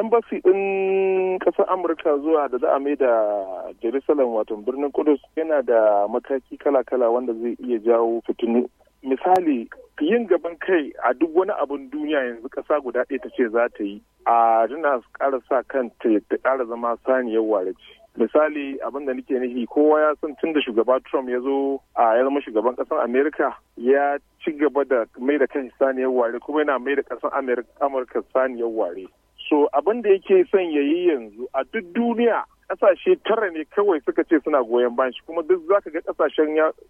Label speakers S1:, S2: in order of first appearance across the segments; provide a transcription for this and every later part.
S1: embassy din kasar amurka zuwa da za a mai da jerusalem wato birnin kudus yana da mataki kala-kala wanda zai iya jawo fitinu misali yin gaban kai a duk wani abun duniya yanzu kasa guda ɗaya ta ce za ta yi a tana ƙara sa kan ta ƙara zama saniyar ware ce misali abin da nake nufi kowa ya san tun da shugaba trump ya zo a ya zama shugaban kasar amerika ya ci gaba da mai da kan saniyar ware kuma yana mai da ƙasar amurka saniyar ware So abin da yake son ya yi yanzu a duk duniya kasashe tara ne kawai suka ce suna goyon bayan kuma duk za ka ga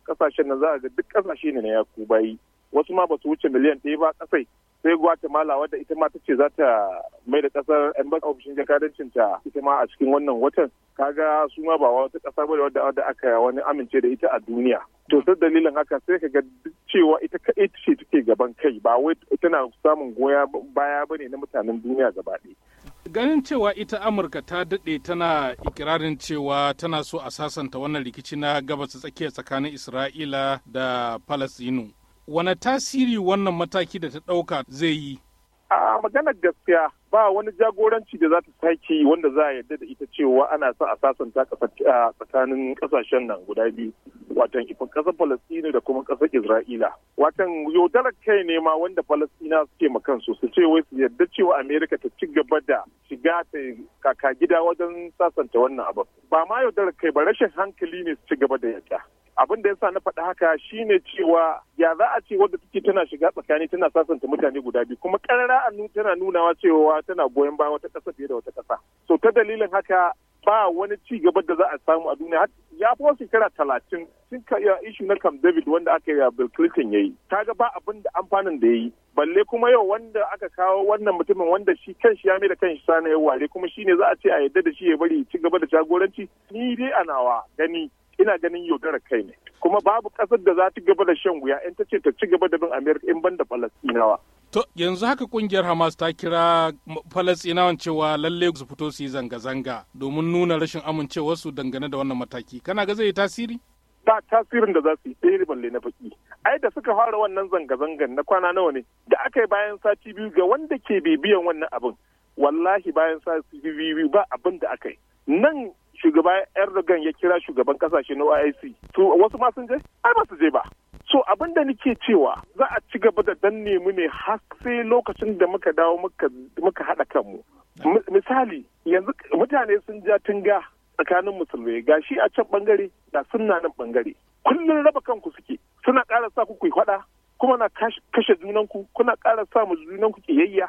S1: kasashen nan za ga duk kasashe ne na yaku bayi wasu ma ba su wuce miliyan ɗaya ba kasai sai guatemala wadda ita ma ta ce za ta mai da ƙasar embassy ofishin jakadancin ta ita ma a cikin wannan watan kaga su ma ba wata kasa ba wadda wadda aka wani amince da ita a duniya to sai dalilin haka sai ka ga cewa ita kaɗai ce take gaban kai ba wai tana samun goya baya bane na mutanen duniya gaba
S2: ganin cewa ita amurka ta daɗe tana ikirarin cewa tana so a sasanta wannan rikici na gabas tsakiya tsakanin isra'ila da palestinu wane tasiri wannan mataki da ta ɗauka zai yi?
S1: A maganar gaskiya ba wani jagoranci da za ta sake yi wanda za a yarda da ita cewa ana sa a sasanta tsakanin kasashen nan guda biyu watan ifin kasar Falastini da kuma kasar Isra'ila. Watan yaudarar kai ne ma wanda falasɗina suke ma kansu su ce wai su yarda cewa Amerika ta ci gaba da shiga ta kaka gida wajen sasanta wannan abu. Ba ma yaudarar kai ba rashin hankali ne su ci gaba da yarda. abin da sa na faɗi haka shine cewa ya za a ce wadda take tana shiga tsakani tana sasanta mutane guda biyu kuma karara tana nunawa cewa tana goyon bayan wata ƙasa fiye da wata ƙasa so ta dalilin haka ba wani ci gaba da za a samu a duniya ya fi wasu shekara talatin sun ya ishu na Camp David wanda aka yi Bill Clinton ya yi Ta ga ba abin da amfanin da ya yi balle kuma yau wanda aka kawo wannan mutumin wanda shi kanshi ya mai da kanshi sana ya ware kuma shine za a ce a yadda da shi ya bari ci gaba da jagoranci ni dai a nawa gani ina ganin yaudara kai ne kuma babu ƙasar da za ta gaba da shan wuya in ta ce ta ci gaba da bin amerika in ban da falastinawa
S2: To yanzu haka kungiyar Hamas ta kira Falasɗinawan cewa lalle su fito su yi zanga-zanga domin nuna rashin amincewarsu dangane da wannan mataki. Kana ga zai yi tasiri? Ba tasirin da za su yi ɗaya balle na baki. Ai da suka
S1: fara wannan zanga-zangan na kwana nawa ne da aka yi bayan sati biyu ga wanda ke bibiyan wannan abin. Wallahi bayan sati biyu ba abin da aka yi. Nan shugaba Erdogan ya kira shugaban kasashe na OIC to wasu ma sun je ai ba su je ba so abin da nake cewa za a ci gaba da danne mu ne har sai lokacin da muka dawo muka haɗa kanmu misali yanzu mutane sun ja tunga tsakanin musulmai ga shi a can bangare da sunna nan bangare kullum raba kanku suke suna ƙara sa ku ku faɗa kuma na kashe junanku kuna ƙara sa mu junanku kiyayya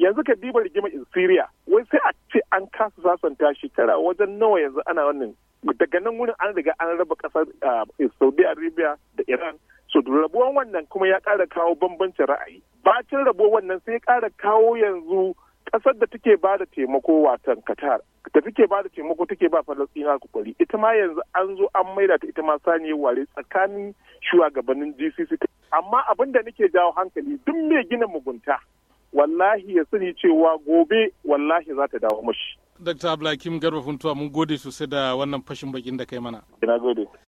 S1: yanzu ka diba rigimar Syria wai sai a ce an kasa sasanta shekara wajen nawa yanzu ana wannan daga nan wurin an riga an raba kasar ah, Saudi Arabia da Iran so rabuwan wannan kuma ya kara kawo bambancin ra'ayi bacin rabuwan wannan sai ya kara kawo yanzu kasar da take ba da taimako watan Qatar da take ba da taimako take ba Falastina kokari ita ma yanzu an zo an maida ta ita ma saniyar ware tsakanin shugabannin GCC amma abin da nake jawo hankali duk mai gina mugunta wallahi ya sani cewa gobe wallahi za ta dawo mashi.
S2: Dr. Ablakim Garba Funtuwa mun gode sosai da wannan fashin bakin da kai mana. Ina gode.